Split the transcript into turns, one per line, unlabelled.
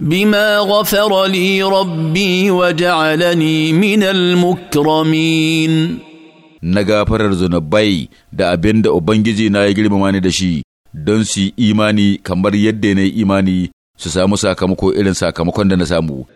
بما غفر لي ربي وجعلني من المكرمين na gafarar zunubai da abinda Ubangiji na ya girmama ni da shi don su yi imani kamar yadda na yi imani su samu
sakamako irin sakamakon da na samu.